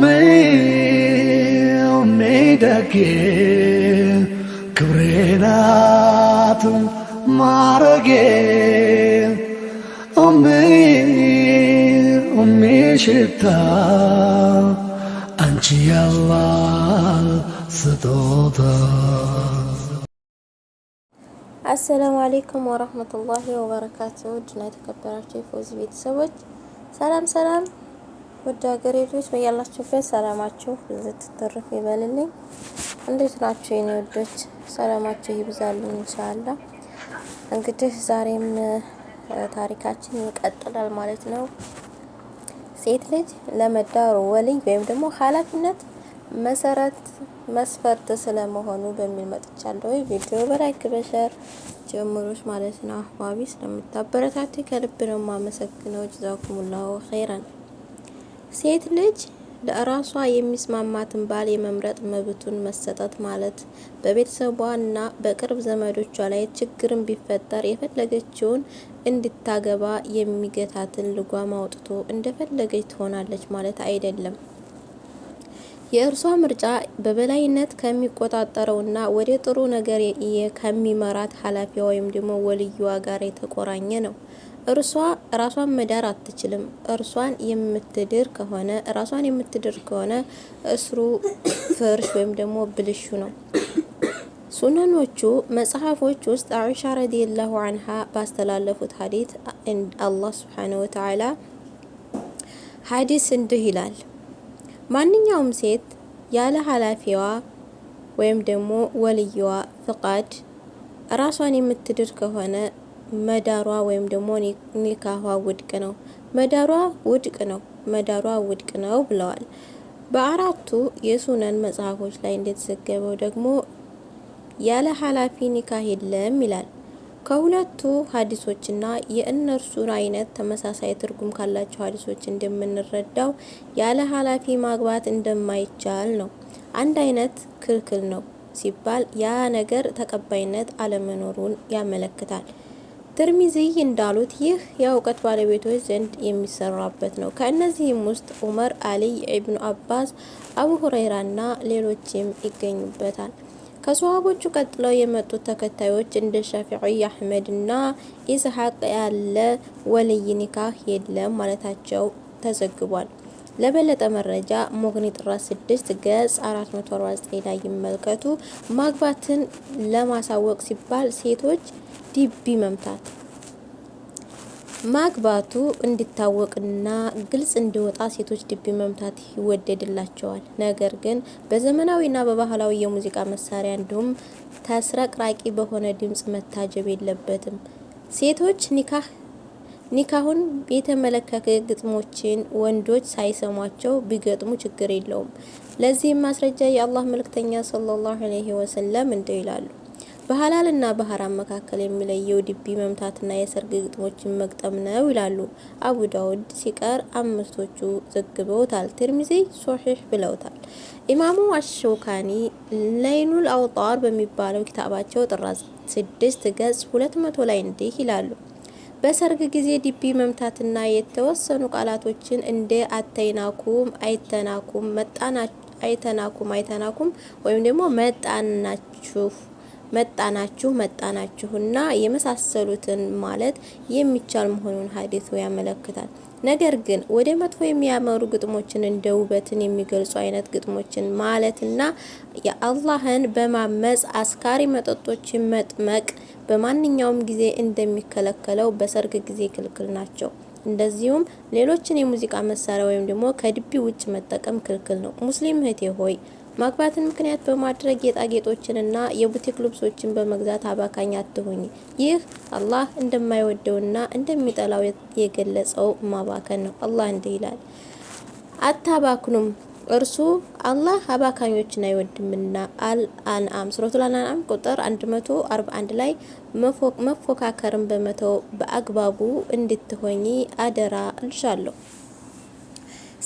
ሜሜደጌ ክብሬናት ማረጌ ሽታ አንቺ ያላል ስጦታ። አሰላሙ አሌይኩም ወረህመቱላሂ ወበረካቱ ድና የተከበራቸው የፎዚ ቤተሰቦች ሰላም ሰላም ወደ ሀገሬ ልጆች በያላችሁበት ሰላማችሁ ብዝት ትርፍ ይበልልኝ። እንዴት ናችሁ የኔ ወዶች? ሰላማችሁ ይብዛሉ። እንሻላ። እንግዲህ ዛሬም ታሪካችን ይቀጥላል ማለት ነው። ሴት ልጅ ለመዳሩ ወልይ ወይም ደግሞ ኃላፊነት መሰረት መስፈርት ስለመሆኑ በሚል መጥቻለሁ። ቪዲዮ በላይክ በሸር ጀምሮች ማለት ነው። አህባቢ ስለምታበረታቱ ከልብ ነው የማመሰግነው። ጀዛኩሙላሁ ኸይረን ሴት ልጅ ለራሷ የሚስማማትን ባል የመምረጥ መብቱን መሰጠት ማለት በቤተሰቧና በቅርብ ዘመዶቿ ላይ ችግርን ቢፈጠር የፈለገችውን እንድታገባ የሚገታትን ልጓም አውጥቶ እንደፈለገች ትሆናለች ማለት አይደለም። የእርሷ ምርጫ በበላይነት ከሚቆጣጠረውና ወደ ጥሩ ነገር ከሚመራት ኃላፊዋ ወይም ደግሞ ወልዩዋ ጋር የተቆራኘ ነው። እርሷ ራሷን መዳር አትችልም። እርሷን የምትድር ከሆነ ራሷን የምትድር ከሆነ እስሩ ፍርሽ ወይም ደግሞ ብልሹ ነው። ሱነኖቹ መጽሐፎች ውስጥ አኢሻ ረዲየላሁ አንሃ ባስተላለፉት ሀዲት አላህ ስብሓነ ወተዓላ ሀዲስ እንዲህ ይላል ማንኛውም ሴት ያለ ኃላፊዋ ወይም ደግሞ ወልየዋ ፍቃድ ራሷን የምትድር ከሆነ መዳሯ ወይም ደግሞ ኒካኋ ውድቅ ነው፣ መዳሯ ውድቅ ነው፣ መዳሯ ውድቅ ነው ብለዋል። በአራቱ የሱነን መጽሐፎች ላይ እንደተዘገበው ደግሞ ያለ ኃላፊ ኒካህ የለም ይላል። ከሁለቱ ሀዲሶችና የእነርሱን አይነት ተመሳሳይ ትርጉም ካላቸው ሀዲሶች እንደምንረዳው ያለ ኃላፊ ማግባት እንደማይቻል ነው። አንድ አይነት ክልክል ነው ሲባል ያ ነገር ተቀባይነት አለመኖሩን ያመለክታል። ትርሚዚ እንዳሉት ይህ የእውቀት ባለቤቶች ዘንድ የሚሰራበት ነው። ከእነዚህም ውስጥ ዑመር፣ አሊይ፣ ኢብኑ አባስ፣ አቡ ሁረይራ እና ሌሎችም ይገኙበታል። ከሰሃቦቹ ቀጥለው የመጡት ተከታዮች እንደ ሻፊዒ፣ አህመድ እና ኢስሐቅ ያለ ወልይ ኒካህ የለም ማለታቸው ተዘግቧል። ለበለጠ መረጃ ሞግኒ ጥራ 6 ገጽ 449 ላይ ይመልከቱ። ማግባትን ለማሳወቅ ሲባል ሴቶች ዲቢ መምታት ማግባቱ እንዲታወቅና ግልጽ እንዲወጣ ሴቶች ድቢ መምታት ይወደድላቸዋል። ነገር ግን በዘመናዊና በባህላዊ የሙዚቃ መሳሪያ እንዲሁም ተስረቅራቂ በሆነ ድምፅ መታጀብ የለበትም። ሴቶች ኒካህ ኒካሁን የተመለከተ ግጥሞችን ወንዶች ሳይሰሟቸው ቢገጥሙ ችግር የለውም። ለዚህም ማስረጃ የአላህ መልእክተኛ ሰለላሁ ዐለይሂ ወሰለም እንደ ይላሉ፣ እና በሐራም መካከል የሚለየው ድቢ መምታትና የሰርግ ግጥሞችን መግጠም ነው ይላሉ። አቡ ዳውድ ሲቀር አምስቶቹ ዘግበውታል። ትርሚዚ ሶሒሕ ብለውታል። ኢማሙ አሸውካኒ ለይኑል አውጣር በሚባለው ኪታባቸው ጥራ ስድስት ገጽ ሁለት መቶ ላይ እንዲህ ይላሉ በሰርግ ጊዜ ዲቢ መምታትና የተወሰኑ ቃላቶችን እንደ አተይናኩም አይተናኩም አይተናኩም አይተናኩም ወይም ደግሞ መጣናችሁ መጣናችሁ መጣናችሁና የመሳሰሉትን ማለት የሚቻል መሆኑን ሀዲሱ ያመለክታል። ነገር ግን ወደ መጥፎ የሚያመሩ ግጥሞችን እንደ ውበትን የሚገልጹ አይነት ግጥሞችን ማለትና የአላህን በማመጽ አስካሪ መጠጦችን መጥመቅ በማንኛውም ጊዜ እንደሚከለከለው በሰርግ ጊዜ ክልክል ናቸው። እንደዚሁም ሌሎችን የሙዚቃ መሳሪያ ወይም ደግሞ ከድቢ ውጭ መጠቀም ክልክል ነው። ሙስሊም እህቴ ሆይ ማግባትን ምክንያት በማድረግ ጌጣጌጦችንና የቡቲክ ልብሶችን በመግዛት አባካኝ አትሆኝ። ይህ አላህ እንደማይወደውና እንደሚጠላው የገለጸው ማባከን ነው። አላህ እንዲህ ይላል፣ አታባክኑም እርሱ አላህ አባካኞችን አይወድምና። አልአንአም ሱረቱል አንአም ቁጥር 141 ላይ መፎካከርን በመተው በአግባቡ እንድትሆኚ አደራ እልሻለሁ።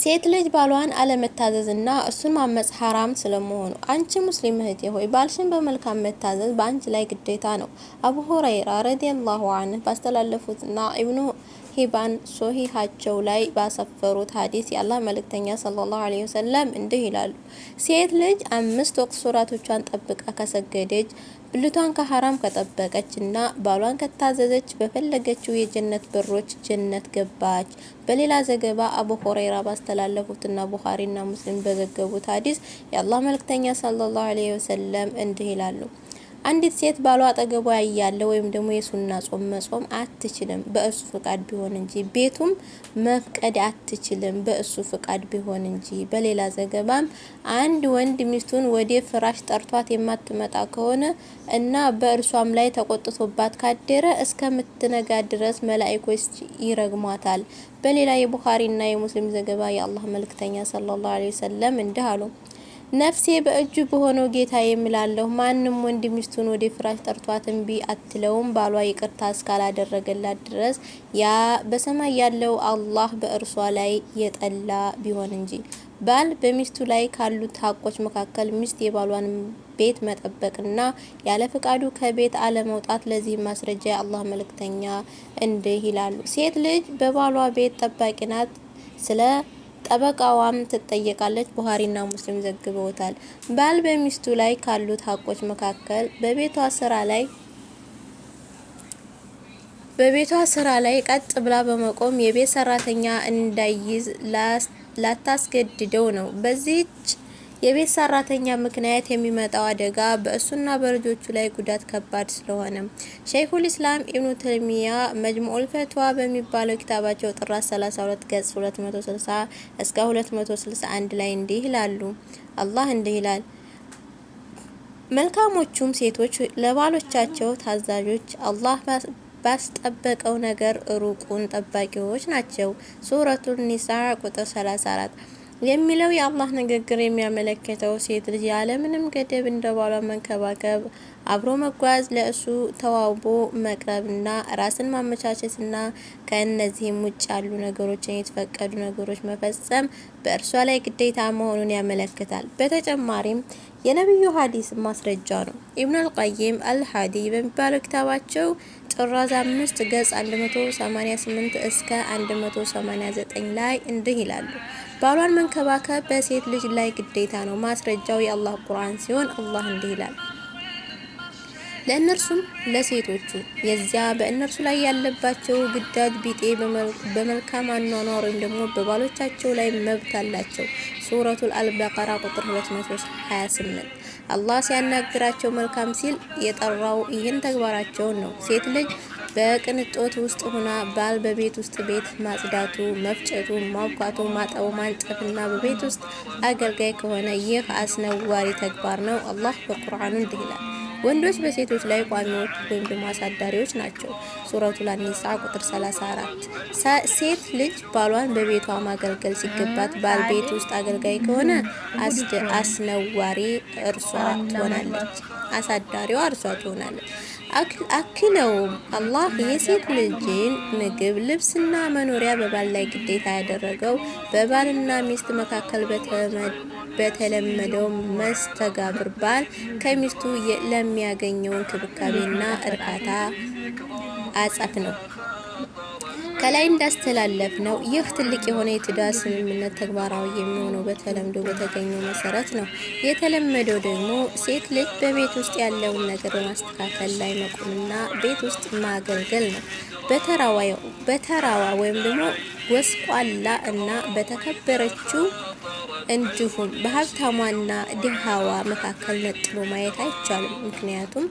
ሴት ልጅ ባሏን አለመታዘዝና እሱን ማመፅ ሀራም ስለመሆኑ አንቺ ሙስሊም እህቴ ሆይ ባልሽን በመልካም መታዘዝ በአንቺ ላይ ግዴታ ነው። አቡ ሁረይራ ረዲየላሁ አንህ ባስተላለፉትና ኢብኑ ሂባን ሶሂሃቸው ላይ ባሰፈሩት ሀዲስ የአላህ መልእክተኛ ሰለላሁ ዐለይሂ ወሰለም እንዲህ ይላሉ። ሴት ልጅ አምስት ወቅት ሶላቶቿን ጠብቃ ከሰገደች ብልቷን ከሀራም ከጠበቀች እና ባሏን ከታዘዘች በፈለገችው የጀነት በሮች ጀነት ገባች። በሌላ ዘገባ አቡ ሁረይራ ባስተላለፉትና ቡኻሪና ሙስሊም በዘገቡት ሀዲስ የአላህ መልእክተኛ ሰለላሁ ዐለይሂ ወሰለም እንዲህ ይላሉ አንዲት ሴት ባሏ አጠገቧ እያለ ወይም ደግሞ የሱና ጾም መጾም አትችልም፣ በእሱ ፍቃድ ቢሆን እንጂ። ቤቱም መፍቀድ አትችልም፣ በእሱ ፍቃድ ቢሆን እንጂ። በሌላ ዘገባም አንድ ወንድ ሚስቱን ወደ ፍራሽ ጠርቷት የማትመጣ ከሆነ እና በእርሷም ላይ ተቆጥቶባት ካደረ እስከምትነጋ ድረስ መላእክቶች ይረግሟታል። በሌላ የቡኻሪና የሙስሊም ዘገባ የአላህ መልክተኛ ሰለላሁ ዐለይሂ ወሰለም እንዲህ አሉ። ነፍሴ በእጁ በሆነው ጌታ የምላለሁ። ማንም ወንድ ሚስቱን ወደ ፍራሽ ጠርቷት እምቢ አትለውም። ባሏ ይቅርታ እስካላደረገላት ድረስ ያ በሰማይ ያለው አላህ በእርሷ ላይ የጠላ ቢሆን እንጂ። ባል በሚስቱ ላይ ካሉት ሐቆች መካከል ሚስት የባሏን ቤት መጠበቅና ያለ ፍቃዱ ከቤት አለመውጣት። ለዚህ ማስረጃ የአላህ መልእክተኛ እንዲህ ይላሉ፣ ሴት ልጅ በባሏ ቤት ጠባቂ ናት። ስለ ጠበቃዋም ትጠየቃለች። ቡሃሪና ሙስሊም ዘግበውታል። ባል በሚስቱ ላይ ካሉት ሀቆች መካከል በቤቷ ስራ ላይ በቤቷ ስራ ላይ ቀጥ ብላ በመቆም የቤት ሰራተኛ እንዳይዝ ላታስገድደው ነው። በዚህች የቤት ሰራተኛ ምክንያት የሚመጣው አደጋ በእሱና በልጆቹ ላይ ጉዳት ከባድ ስለሆነ ሸይኹል ኢስላም ኢብኑ ተይሚያ መጅሙዑል ፈትዋ በሚባለው ኪታባቸው ጥራት 32 ገጽ 260 እስከ 261 ላይ እንዲህ ይላሉ። አላህ እንዲህ ይላል፣ መልካሞቹም ሴቶች ለባሎቻቸው ታዛዦች፣ አላህ ባስጠበቀው ነገር ሩቁን ጠባቂዎች ናቸው። ሱረቱ ኒሳ ቁጥር 34 የሚለው የአላህ ንግግር የሚያመለክተው ሴት ልጅ ያለምንም ገደብ እንደ ባሏ መንከባከብ፣ አብሮ መጓዝ፣ ለእሱ ተዋውቦ መቅረብና ራስን ማመቻቸትና ከእነዚህም ውጭ ያሉ ነገሮችን የተፈቀዱ ነገሮች መፈጸም በእርሷ ላይ ግዴታ መሆኑን ያመለክታል። በተጨማሪም የነቢዩ ሀዲስ ማስረጃ ነው። ኢብኑ አልቀይም አልሀዲ በሚባለው ኪታባቸው ጥራዝ አምስት ገጽ 188 እስከ 189 ላይ እንዲህ ይላሉ። ባሏን መንከባከብ በሴት ልጅ ላይ ግዴታ ነው። ማስረጃው የአላህ ቁርአን ሲሆን አላህ እንዲህ ይላል፣ ለእነርሱም ለሴቶቹ የዚያ በእነርሱ ላይ ያለባቸው ግዳጅ ቢጤ በመልካም አኗኗር ወይም ደግሞ በባሎቻቸው ላይ መብት አላቸው። ሱረቱል አልበቀራ ቁጥር 228 አላህ ሲያናግራቸው መልካም ሲል የጠራው ይህን ተግባራቸውን ነው። ሴት ልጅ በቅንጦት ውስጥ ሆና ባል በቤት ውስጥ ቤት ማጽዳቱ፣ መፍጨቱ፣ ማብኳቱ፣ ማጠቡ፣ ማንጠፍና በቤት ውስጥ አገልጋይ ከሆነ ይህ አስነዋሪ ተግባር ነው። አላህ በቁርአኑ እንዲህ ይላል፣ ወንዶች በሴቶች ላይ ቋሚዎች ወይም ደግሞ አሳዳሪዎች ናቸው። ሱረቱ ላኒሳ ቁጥር 34። ሴት ልጅ ባሏን በቤቷ ማገልገል ሲገባት ባል ቤት ውስጥ አገልጋይ ከሆነ አስነዋሪ እርሷ ትሆናለች፣ አሳዳሪዋ እርሷ ትሆናለች። አክለውም አላህ የሴት ልጅን ምግብ፣ ልብስና መኖሪያ በባል ላይ ግዴታ ያደረገው በባልና ሚስት መካከል በተለመደው መስተጋብር ባል ከሚስቱ ለሚያገኘው እንክብካቤና እርካታ አጻፍ ነው። ከላይ እንዳስተላለፍ ነው ይህ ትልቅ የሆነ የትዳር ስምምነት ተግባራዊ የሚሆነው በተለምዶ በተገኘው መሰረት ነው። የተለመደው ደግሞ ሴት ልጅ በቤት ውስጥ ያለውን ነገር በማስተካከል ላይ መቆምና ቤት ውስጥ ማገልገል ነው። በተራዋ ወይም ደግሞ ጎስቋላ እና በተከበረችው እንዲሁም በሀብታሟና ድሃዋ መካከል ነጥሎ ማየት አይቻልም። ምክንያቱም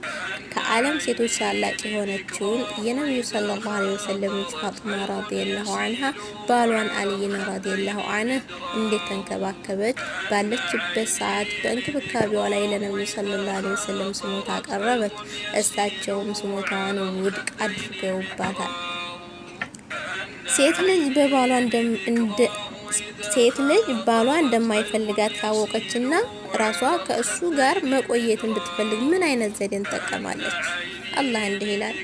ከዓለም ሴቶች ታላቅ የሆነችውን የነቢዩ ሰለላሁ ዐለይሂ ወሰለም ፋጥማ ረዲየላሁ አንሃ ባሏን አልይን ረዲየላሁ አንህ እንዴት ተንከባከበች። ባለችበት ሰዓት በእንክብካቤዋ ላይ ለነቢዩ ሰለላሁ ዐለይሂ ወሰለም ስሞታ አቀረበች። እሳቸውም ስሞታዋን ውድቅ አድርገውባታል። ሴት ልጅ በባሏ እንደ ሴት ልጅ ባሏ እንደማይፈልጋት እና ራሷ ከእሱ ጋር መቆየትን ብትፈልግ ምን አይነት ዘዴን ትጠቀማለች? አላህ እንዲህ ይላል፣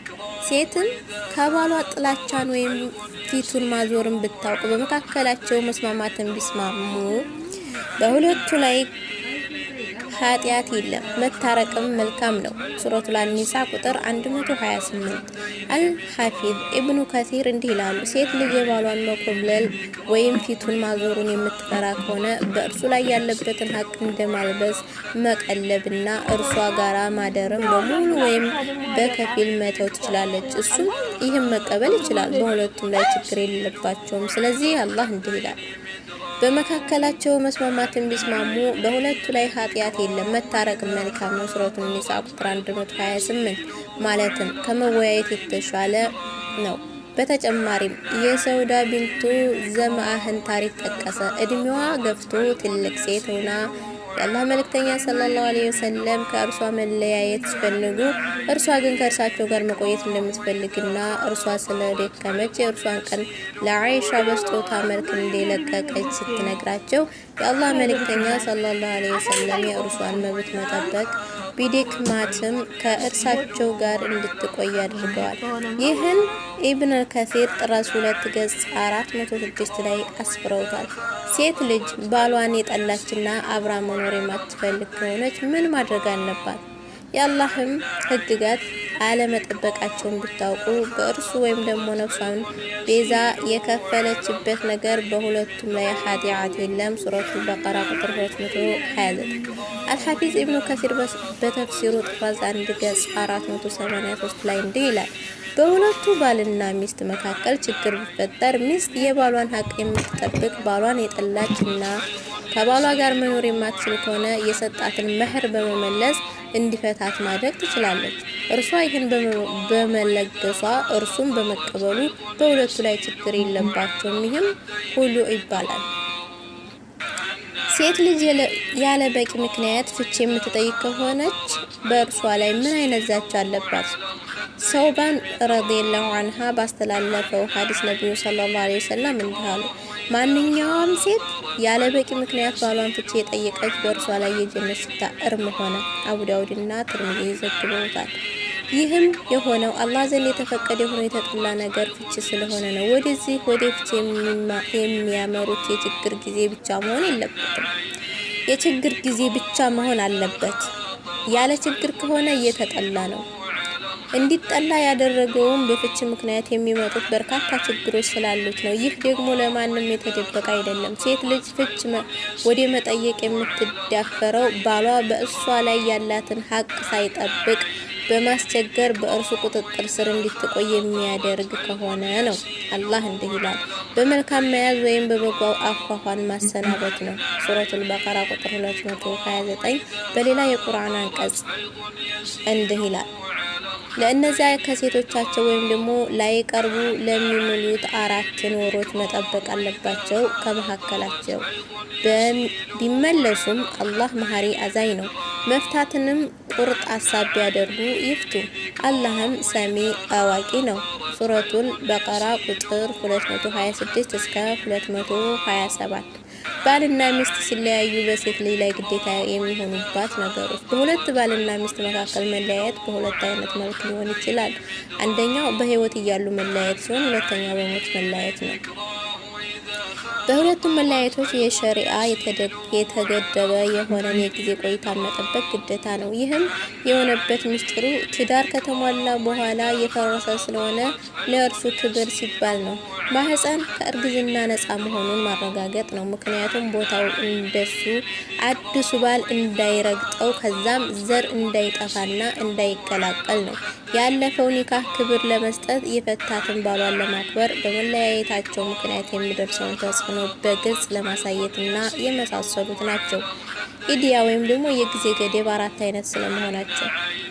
ሴትም ከባሏ ጥላቻን ወይም ፊቱን ማዞርን ብታውቅ በመካከላቸው መስማማትን ቢስማሙ በሁለቱ ላይ ኃጢአት የለም፣ መታረቅም መልካም ነው። ሱረቱ አኒሳ ቁጥር 128 አልሐፊዝ ኢብኑ ከሲር እንዲህ ይላሉ፣ ሴት ልጅ የባሏን መኮብለል ወይም ፊቱን ማዞሩን የምትፈራ ከሆነ በእርሱ ላይ ያለበትን ሀቅ እንደማልበስ መቀለብና እርሷ ጋራ ማደርም በሙሉ ወይም በከፊል መተው ትችላለች። እሱም ይህም መቀበል ይችላል። በሁለቱም ላይ ችግር የሌለባቸውም። ስለዚህ አላህ እንዲህ ይላል በመካከላቸው መስማማትን ቢስማሙ በሁለቱ ላይ ኃጢአት የለም፣ መታረቅም መልካም ነው። ሱረቱን ኒሳ ቁጥር 128 ማለትም ከመወያየት የተሻለ ነው። በተጨማሪም የሰውዳ ቢንቱ ዘመአህን ታሪክ ጠቀሰ። እድሜዋ ገፍቶ ትልቅ ሴት ሆና የአላህ መልእክተኛ ሰለላሁ ዐለይሂ ወሰለም ከእርሷ መለያየት ሲፈልጉ፣ እርሷ ግን ከእርሳቸው ጋር መቆየት እንደምትፈልግና እርሷ ስለደከመች የእርሷን ቀን ለአይሻ በስጦታ መልክ እንደለቀቀች ስትነግራቸው የአላህ መልእክተኛ ሰለላሁ ዐለይሂ ወሰለም የእርሷን መብት መጠበቅ ቢደክማትም ከእርሳቸው ጋር እንድትቆይ አድርገዋል። ይህን ኢብን ከሲር ጥራዝ ሁለት ገጽ 406 ላይ አስፍረውታል። ሴት ልጅ ባሏን የጠላችና አብራ መኖር የማትፈልግ ከሆነች ምን ማድረግ አለባት? የአላህም ህግጋት አለመጠበቃቸውን ብታውቁ በእርሱ ወይም ደግሞ ነፍሷን ቤዛ የከፈለችበት ነገር በሁለቱም ላይ ኃጢአት የለም። ሱረቱ በቀራ ቁጥር 229 አልሐፊዝ ኢብኑ ከሲር በተፍሲሩ ጥፋዝ አንድ ገጽ 483 ላይ እንዲህ ይላል። በሁለቱ ባልና ሚስት መካከል ችግር ቢፈጠር ሚስት የባሏን ሀቅ የምትጠብቅ ባሏን የጠላች እና ከባሏ ጋር መኖር የማትችል ከሆነ የሰጣትን መህር በመመለስ እንዲፈታት ማድረግ ትችላለች። እርሷ ይህን በመለገሷ እርሱም በመቀበሉ በሁለቱ ላይ ችግር የለባቸውም። ይህም ሁሉ ይባላል። ሴት ልጅ ያለ በቂ ምክንያት ፍቺ የምትጠይቅ ከሆነች በእርሷ ላይ ምን አይነት ዛቻ አለባት? ሰውባን ረዲየላሁ አንሃ ባስተላለፈው ሀዲስ ነቢዩ ሰለላሁ ዐለይሂ ወሰለም እንዲህ አሉ። ማንኛውም ሴት ያለ በቂ ምክንያት ባሏን ፍቺ የጠየቀች በእርሷ ላይ የጀነት ሽታ እርም ሆነ። አቡ ዳውድና ትርሚዚ ዘግበውታል። ይህም የሆነው አላህ ዘንድ የተፈቀደ የሆነው የተጠላ ነገር ፍቺ ስለሆነ ነው። ወደዚህ ወደ ፍቺ የሚያመሩት የችግር ጊዜ ብቻ መሆን የለበትም። የችግር ጊዜ ብቻ መሆን አለበት። ያለ ችግር ከሆነ እየተጠላ ነው። እንዲጠላ ያደረገውም በፍች ምክንያት የሚመጡት በርካታ ችግሮች ስላሉት ነው። ይህ ደግሞ ለማንም የተደበቀ አይደለም። ሴት ልጅ ፍች ወደ መጠየቅ የምትዳፈረው ባሏ በእሷ ላይ ያላትን ሀቅ ሳይጠብቅ በማስቸገር በእርሱ ቁጥጥር ስር እንድትቆይ የሚያደርግ ከሆነ ነው። አላህ እንዲህ ይላል፣ በመልካም መያዝ ወይም በበጎ አኳኋን ማሰናበት ነው። ሱረቱል በቀራ ቁጥር 229 በሌላ የቁርአን አንቀጽ እንዲህ ይላል ለእነዚያ ከሴቶቻቸው ወይም ደግሞ ላይቀርቡ ለሚምሉት አራት ኖሮት መጠበቅ አለባቸው ከመካከላቸው ቢመለሱም አላህ መሀሪ አዛኝ ነው። መፍታትንም ቁርጥ ሀሳብ ቢያደርጉ ይፍቱ። አላህም ሰሚ አዋቂ ነው። ሱረቱል በቀራ ቁጥር 226 እስከ 227 ባልና ሚስት ሲለያዩ በሴት ልጅ ላይ ግዴታ የሚሆኑባት ነገሮች። በሁለት ባልና ሚስት መካከል መለያየት በሁለት አይነት መልክ ሊሆን ይችላል። አንደኛው በህይወት እያሉ መለያየት ሲሆን፣ ሁለተኛው በሞት መለያየት ነው። በሁለቱም መለያየቶች የሸሪአ የተገደበ የሆነን የጊዜ ቆይታ መጠበቅ ግዴታ ነው። ይህም የሆነበት ምስጢሩ ትዳር ከተሟላ በኋላ የፈረሰ ስለሆነ ለእርሱ ክብር ሲባል ነው። ማህፀን ከእርግዝና ነፃ መሆኑን ማረጋገጥ ነው። ምክንያቱም ቦታው እንደሱ አዲሱ ባል እንዳይረግጠው ከዛም ዘር እንዳይጠፋና እንዳይቀላቀል ነው። ያለፈው ኒካህ ክብር ለመስጠት የፈታትን ባሏን ለማክበር በመለያየታቸው ምክንያት የሚደርሰውን ተጽዕኖ በግልጽ ለማሳየትና የመሳሰሉት ናቸው። ኢዲያ ወይም ደግሞ የጊዜ ገደብ አራት አይነት ስለመሆናቸው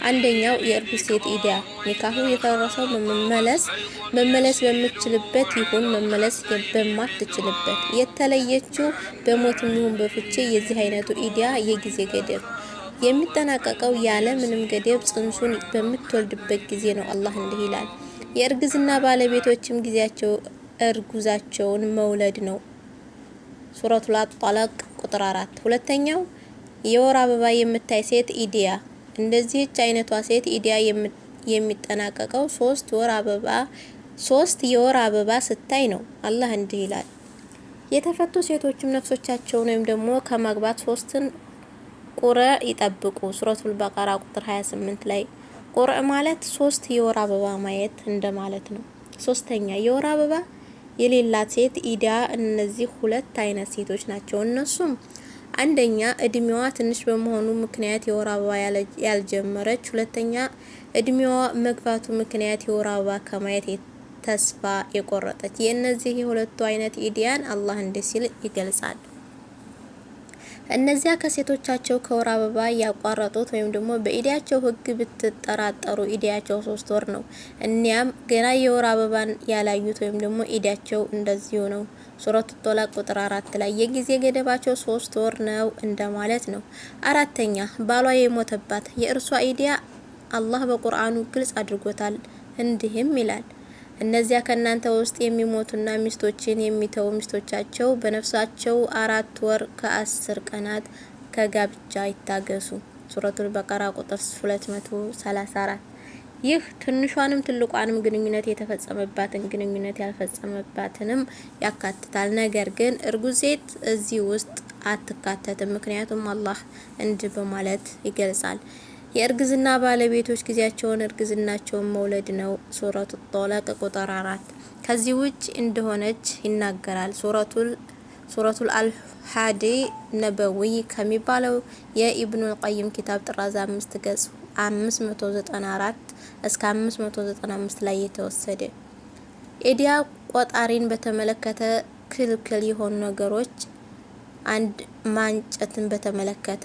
አንደኛው የእርጉዝ ሴት ኢዲያ ኒካሁ የፈረሰው መመለስ መመለስ በምትችልበት ይሁን መመለስ በማትችልበት የተለየችው በሞት ይሁን በፍቼ የዚህ አይነቱ ኢዲያ የጊዜ ገደብ የሚጠናቀቀው ያለ ምንም ገደብ ጽንሱን በምትወልድበት ጊዜ ነው። አላህ እንዲህ ይላል፣ የእርግዝና ባለቤቶችም ጊዜያቸው እርጉዛቸውን መውለድ ነው። ሱረቱል ጠላቅ ቁጥር አራት ሁለተኛው የወር አበባ የምታይ ሴት ኢዲያ። እንደዚህች አይነቷ ሴት ኢዲያ የሚጠናቀቀው ሶስት ወር አበባ ሶስት የወር አበባ ስታይ ነው። አላህ እንዲህ ይላል፣ የተፈቱ ሴቶችም ነፍሶቻቸውን ወይም ደግሞ ከማግባት ሶስትን ቁረ ይጠብቁ። ሱረቱል በቀራ ቁጥር 28 ላይ ቁረ ማለት ሶስት የወር አበባ ማየት እንደማለት ነው። ሶስተኛ የወር አበባ የሌላት ሴት ኢዲያ። እነዚህ ሁለት አይነት ሴቶች ናቸው። እነሱም አንደኛ እድሜዋ ትንሽ በመሆኑ ምክንያት የወር አበባ ያልጀመረች፣ ሁለተኛ እድሜዋ መግፋቱ ምክንያት የወር አበባ ከማየት ተስፋ የቆረጠች። የእነዚህ የሁለቱ አይነት ኢዲያን አላህ እንዲህ ሲል ይገልጻል። እነዚያ ከሴቶቻቸው ከወር አበባ ያቋረጡት ወይም ደግሞ በኢዲያቸው ሕግ ብትጠራጠሩ ኢዲያቸው ሶስት ወር ነው። እኒያም ገና የወር አበባን ያላዩት ወይም ደግሞ ኢዲያቸው እንደዚሁ ነው። ሱረቱ ጦላቅ ቁጥር አራት ላይ የጊዜ ገደባቸው ሶስት ወር ነው እንደማለት ነው። አራተኛ ባሏ የሞተባት የእርሷ ኢዲያ አላህ በቁርአኑ ግልጽ አድርጎታል። እንዲህም ይላል እነዚያ ከእናንተ ውስጥ የሚሞቱና ሚስቶችን የሚተው ሚስቶቻቸው በነፍሳቸው አራት ወር ከአስር ቀናት ከጋብቻ ይታገሱ። ሱረቱል በቀራ ቁጥር 234 ይህ ትንሿንም ትልቋንም ግንኙነት የተፈጸመባትን ግንኙነት ያልፈጸመባትንም ያካትታል። ነገር ግን እርጉዝ ሴት እዚህ ውስጥ አትካተትም። ምክንያቱም አላህ እንዲህ በማለት ይገልጻል። የእርግዝና ባለቤቶች ጊዜያቸውን እርግዝናቸውን መውለድ ነው። ሱረቱ ጦላቅ ቁጥር አራት ከዚህ ውጭ እንደሆነች ይናገራል። ሱረቱል ሱረቱል አልሓዲ ነበዊ ከሚባለው የኢብኑል ቀይም ኪታብ ጥራዝ አምስት ገጽ አምስት መቶ ዘጠና አራት እስከ 595 ላይ የተወሰደ ኤዲያ ቆጣሪን በተመለከተ ክልክል የሆኑ ነገሮች አንድ ማንጨትን በተመለከተ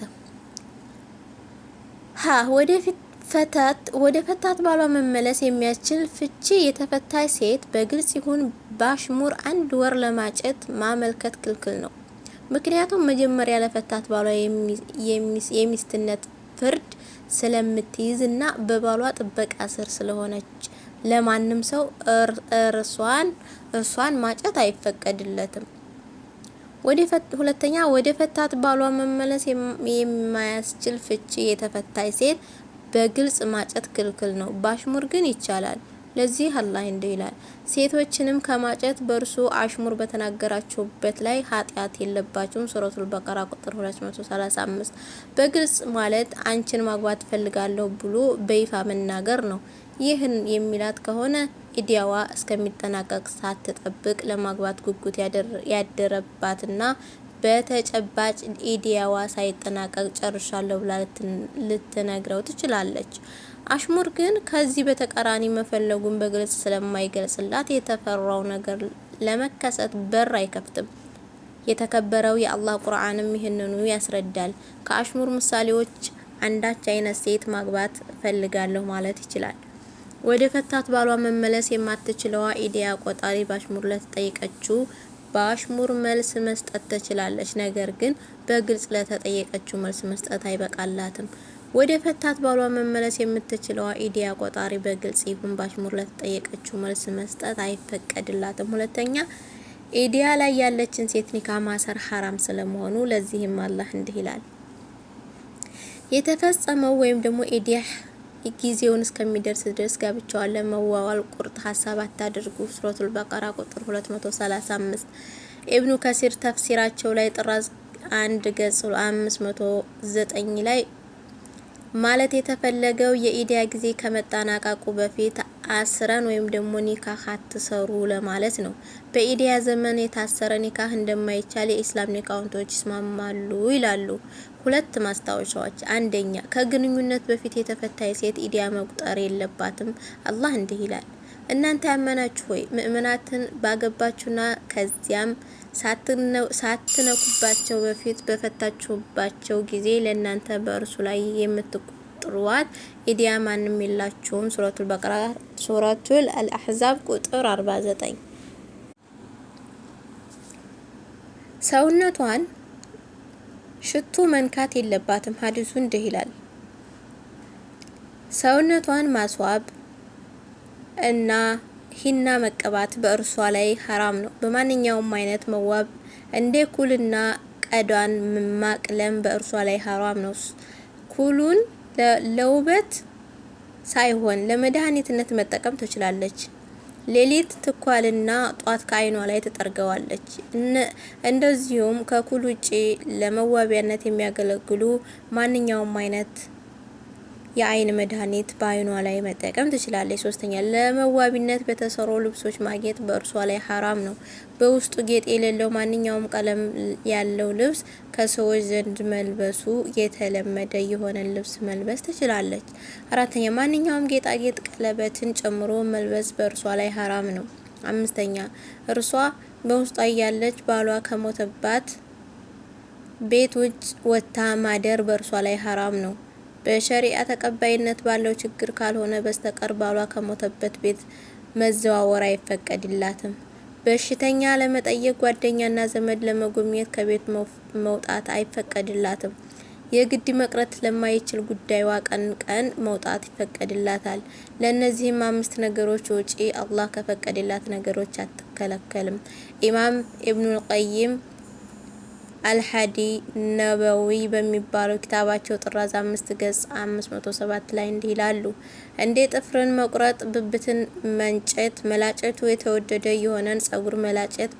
ሀ ወደፊት ፈታት ወደ ፈታት ባሏ መመለስ የሚያስችል ፍቺ የተፈታች ሴት በግልጽ ይሁን ባሽሙር አንድ ወር ለማጨት ማመልከት ክልክል ነው። ምክንያቱም መጀመሪያ ለፈታት ባሏ የሚስትነት ፍርድ ስለምትይዝ እና በባሏ ጥበቃ ስር ስለሆነች ለማንም ሰው እርሷን እርሷን ማጨት አይፈቀድለትም። ወደ ሁለተኛ ወደ ፈታት ባሏ መመለስ የማያስችል ፍቺ የተፈታች ሴት በግልጽ ማጨት ክልክል ነው። ባሽሙር ግን ይቻላል። ለዚህ አላህ እንደ ይላል፣ ሴቶችንም ከማጨት በእርሱ አሽሙር በተናገራችሁበት ላይ ኃጢአት የለባችሁም። ሱረቱል በቀራ ቁጥር 235 በግልጽ ማለት አንቺን ማግባት ፈልጋለሁ ብሎ በይፋ መናገር ነው። ይህን የሚላት ከሆነ ኢዲያዋ እስከሚጠናቀቅ ሳትጠብቅ ለማግባት ጉጉት ያደረባትና በተጨባጭ ኢዲያዋ ሳይጠናቀቅ ጨርሻለሁ ብላ ልትነግረው ትችላለች። አሽሙር ግን ከዚህ በተቃራኒ መፈለጉን በግልጽ ስለማይገልጽላት የተፈራው ነገር ለመከሰት በር አይከፍትም። የተከበረው የአላህ ቁርአንም ይህንኑ ያስረዳል። ከአሽሙር ምሳሌዎች አንዳች አይነት ሴት ማግባት እፈልጋለሁ ማለት ይችላል። ወደ ፈታት ባሏ መመለስ የማትችለዋ ኢዲያ ቆጣሪ በአሽሙር ለተጠየቀችው በአሽሙር መልስ መስጠት ትችላለች። ነገር ግን በግልጽ ለተጠየቀችው መልስ መስጠት አይበቃላትም። ወደ ፈታት ባሏ መመለስ የምትችለዋ ኢዲያ ቆጣሪ በግልጽ ይሁን ባሽሙር ለተጠየቀችው መልስ መስጠት አይፈቀድላትም። ሁለተኛ ኢዲያ ላይ ያለችን ሴት ኒካ ማሰር ሀራም ስለመሆኑ ለዚህም አላህ እንዲህ ይላል የተፈጸመው ወይም ደግሞ ኢዲያ ጊዜውን እስከሚደርስ ድረስ ጋብቻዋን ለመዋዋል ቁርጥ ሀሳብ አታድርጉ። ሱረቱል በቀራ ቁጥር 235 ኢብኑ ከሲር ተፍሲራቸው ላይ ጥራዝ አንድ ገጽ 509 ላይ ማለት የተፈለገው የኢዲያ ጊዜ ከመጠናቀቁ በፊት አስረን ወይም ደግሞ ኒካህ አትሰሩ ለማለት ነው። በኢዲያ ዘመን የታሰረ ኒካህ እንደማይቻል የኢስላም ሊቃውንቶች ይስማማሉ ይላሉ። ሁለት ማስታወሻዎች፣ አንደኛ ከግንኙነት በፊት የተፈታ ሴት ኢዲያ መቁጠር የለባትም። አላህ እንዲህ ይላል፣ እናንተ ያመናችሁ ሆይ ምእምናትን ባገባችሁና ከዚያም ሳትነኩባቸው በፊት በፈታችሁባቸው ጊዜ ለእናንተ በእርሱ ላይ የምትቆጥሯት ኢዲያ ማንም የላችሁም። ሱረቱል በቀራ ሱረቱል አልአሕዛብ ቁጥር 49 ሰውነቷን ሽቱ መንካት የለባትም። ሀዲሱ እንዲህ ይላል። ሰውነቷን ማስዋብ እና ሂና መቀባት በእርሷ ላይ ሀራም ነው። በማንኛውም አይነት መዋብ እንደ ኩልና ቀዷን ማቅለም በእርሷ ላይ ሀራም ነው። ኩሉን ለውበት ሳይሆን ለመድኃኒትነት መጠቀም ትችላለች። ሌሊት ትኳልና ጧት ከአይኗ ላይ ትጠርገዋለች። እንደዚሁም ከኩል ውጪ ለመዋቢያነት የሚያገለግሉ ማንኛውም አይነት የአይን መድኃኒት በአይኗ ላይ መጠቀም ትችላለች። ሶስተኛ ለመዋቢነት በተሰሩ ልብሶች ማጌጥ በእርሷ ላይ ሀራም ነው። በውስጡ ጌጥ የሌለው ማንኛውም ቀለም ያለው ልብስ ከሰዎች ዘንድ መልበሱ የተለመደ የሆነ ልብስ መልበስ ትችላለች። አራተኛ ማንኛውም ጌጣጌጥ ቀለበትን ጨምሮ መልበስ በእርሷ ላይ ሀራም ነው። አምስተኛ እርሷ በውስጧ እያለች ባሏ ከሞተባት ቤት ውጭ ወጥታ ማደር በእርሷ ላይ ሀራም ነው። በሸሪአ ተቀባይነት ባለው ችግር ካልሆነ በስተቀር ባሏ ከሞተበት ቤት መዘዋወር አይፈቀድላትም። በሽተኛ ለመጠየቅ፣ ጓደኛና ዘመድ ለመጎብኘት ከቤት መውጣት አይፈቀድላትም። የግድ መቅረት ለማይችል ጉዳይዋ ቀን ቀን መውጣት ይፈቀድላታል። ለእነዚህም አምስት ነገሮች ውጪ አላህ ከፈቀደላት ነገሮች አትከለከልም። ኢማም ኢብኑል ቀይም አልሐዲ ነበዊ በሚባለው ኪታባቸው ጥራዝ አምስት ገጽ አምስት መቶ ሰባት ላይ እንዲህ ይላሉ። እንደ ጥፍርን መቁረጥ፣ ብብትን መንጨት፣ መላጨቱ የተወደደ የሆነን ጸጉር መላጨት፣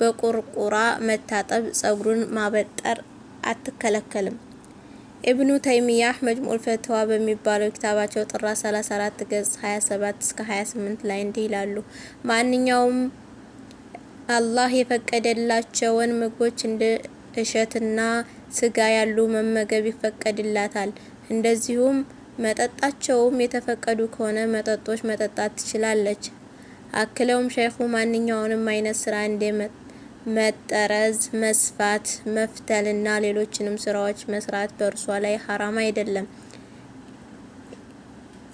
በቁርቁራ መታጠብ፣ ጸጉሩን ማበጠር አትከለከልም። ኢብኑ ተይሚያህ መጅሙል ፈትዋ በሚባለው ኪታባቸው ጥራ 34 ገጽ 27 እስከ 28 ላይ እንዲህ ይላሉ ማንኛውም አላህ የፈቀደላቸውን ምግቦች እንደ እሸትና ስጋ ያሉ መመገብ ይፈቀድላታል። እንደዚሁም መጠጣቸውም የተፈቀዱ ከሆነ መጠጦች መጠጣት ትችላለች። አክለውም ሸይኹ ማንኛውንም አይነት ስራ እንደ መጠረዝ፣ መስፋት፣ መፍተልና ሌሎችንም ስራዎች መስራት በእርሷ ላይ ሀራም አይደለም።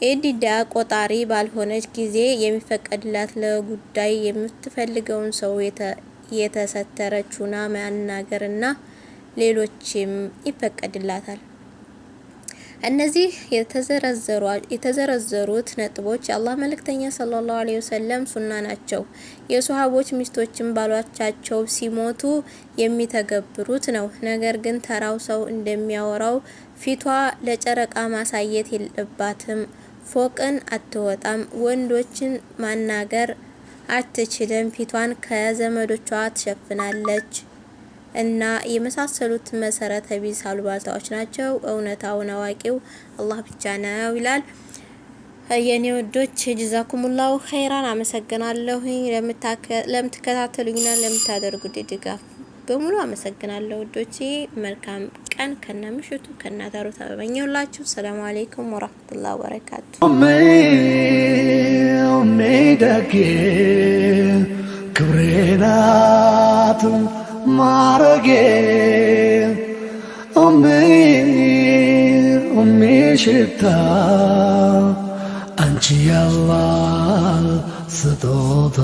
ኤዲዳ ቆጣሪ ባልሆነች ጊዜ የሚፈቀድላት ለጉዳይ የምትፈልገውን ሰው የተሰተረች ማናገርና ሌሎችም ይፈቀድላታል። እነዚህ የተዘረዘሩት ነጥቦች የአላህ መልእክተኛ ሰለላሁ ዐለይሂ ወሰለም ሱና ናቸው። የሱሐቦች ሚስቶችን ባሏቻቸው ሲሞቱ የሚተገብሩት ነው። ነገር ግን ተራው ሰው እንደሚያወራው ፊቷ ለጨረቃ ማሳየት የለባትም። ፎቅን አትወጣም፣ ወንዶችን ማናገር አትችልም፣ ፊቷን ከዘመዶቿ ትሸፍናለች እና የመሳሰሉት መሰረተ ቢስ አሉባልታዎች ናቸው። እውነታውን አዋቂው አላህ ብቻ ነው ይላል። የኔ ወዶች ጅዛኩሙላሁ ኸይራን አመሰግናለሁ። ለምትከታተሉኝና ለምታደርጉት ድጋፍ በሙሉ አመሰግናለሁ ወዶቼ። መልካም ቀን ከነ ምሽቱ ከነ አዳሩ ተመኘሁላችሁ። ሰላም አለይኩም ወራህመቱላሂ ወበረካቱ። ኦሜ ደጌ ናት ማረጌ ኦሜ ኦሜ ሽታ አንቺ ያላህ ስጦታ